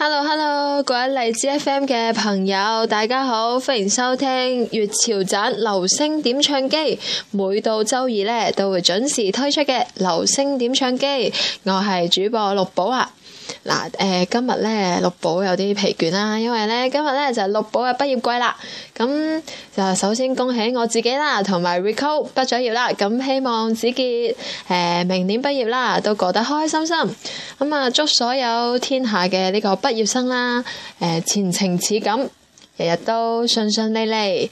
Hello Hello，各位荔枝 FM 嘅朋友，大家好，歡迎收聽粵潮盞流星點唱機，每到周二咧都會準時推出嘅流星點唱機，我係主播六寶啊，嗱、呃，誒今日咧六寶有啲疲倦啦，因為咧今日咧就係、是、六寶嘅畢業季啦，咁、嗯。就首先恭喜我自己啦，同埋 Recall 畢咗業啦，咁希望子杰誒明年畢業啦，都過得開開心心。咁啊，祝所有天下嘅呢個畢業生啦，誒前程似錦，日日都順順利利。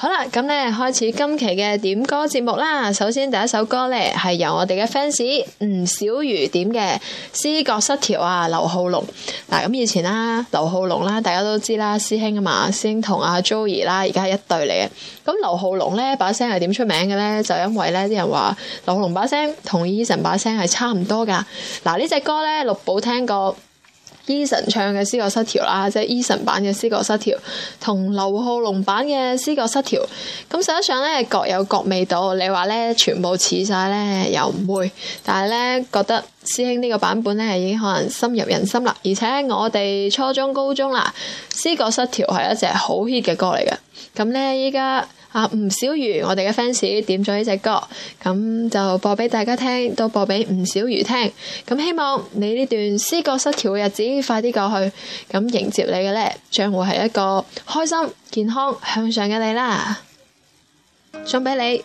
好啦，咁咧開始今期嘅點歌節目啦。首先第一首歌咧係由我哋嘅 fans 吳小如點嘅《思覺失調》啊，劉浩龍嗱。咁以前啦，劉浩龍啦，大家都知啦，師兄啊嘛，師兄同阿、啊、Joey 啦，而家係一對嚟嘅。咁劉浩龍咧把聲係點出名嘅咧，就因為咧啲人話劉浩龍把聲同 Eason 把聲係差唔多噶嗱。呢隻歌咧，六寶聽過。Eason 唱嘅《思覺失調》啦，即係 Eason 版嘅《思覺失調》，同劉浩龍版嘅《思覺失調》，咁實際上咧各有各味道。你話咧全部似晒咧又唔會，但係咧覺得師兄呢個版本咧係已經可能深入人心啦。而且我哋初中、高中啦，《思覺失調》係一隻好 hit 嘅歌嚟嘅。咁咧依家。啊，吳小瑜，我哋嘅 fans 點咗呢隻歌，咁就播畀大家聽，都播畀吳小瑜聽。咁希望你呢段思覺失調嘅日子快啲過去，咁迎接你嘅咧，將會係一個開心、健康、向上嘅你啦，送畀你。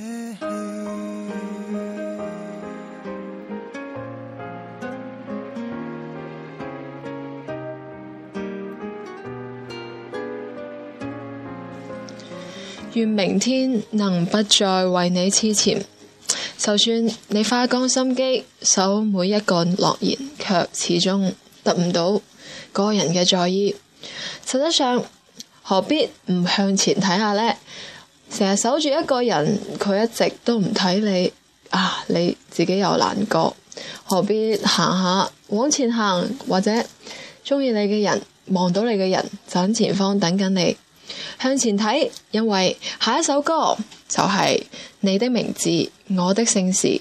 願明天能不再為你癡纏，就算你花光心機守每一個諾言，卻始終得唔到個人嘅在意。實際上，何必唔向前睇下咧？成日守住一個人，佢一直都唔睇你啊，你自己又難過，何必行下往前行？或者鍾意你嘅人，望到你嘅人，就喺前方等緊你。向前睇，因為下一首歌就係、是、你的名字，我的姓氏，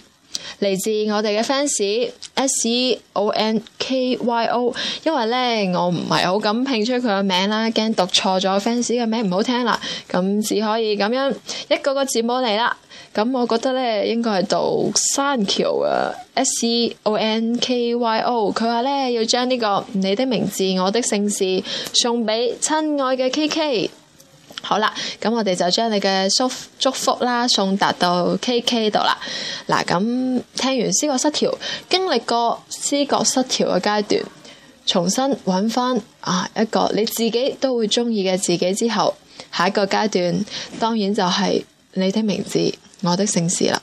嚟自我哋嘅 fans S E O N K Y O。N K、y o，因為咧，我唔係好敢拼出佢嘅名啦，驚讀錯咗 fans 嘅名唔好聽啦。咁只可以咁樣一個個字母嚟啦。咁我覺得咧，應該係讀山橋啊，S E O N K Y O。佢話咧要將呢、這個你的名字，我的姓氏送畀親愛嘅 K K。好啦，咁我哋就將你嘅祝福啦送達到 KK 度啦。嗱，咁聽完思覺失調，經歷過思覺失調嘅階段，重新揾翻啊一個你自己都會中意嘅自己之後，下一個階段當然就係你的名字，我的姓氏啦。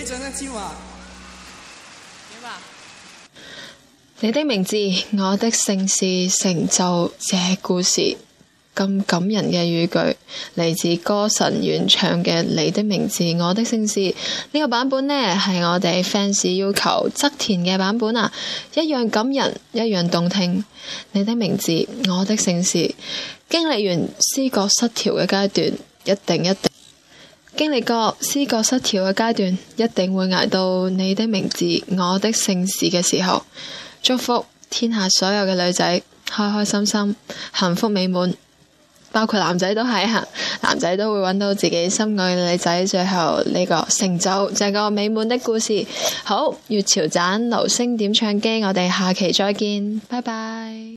你的名字，我的姓氏，成就這故事咁感人嘅語句，嚟自歌神原唱嘅《你的名字，我的姓氏》呢個版本呢，係我哋 fans 要求側田嘅版本啊，一樣感人，一樣動聽。你的名字，我的姓氏，經歷完思覺失調嘅階段，一定一定。經歷過思覺失調嘅階段，一定會捱到你的名字，我的姓氏嘅時候，祝福天下所有嘅女仔開開心心，幸福美滿，包括男仔都係啊，男仔都會揾到自己心愛嘅女仔，最後呢個成就就係、是、個美滿的故事。好，月潮盞流星點唱機，我哋下期再見，拜拜。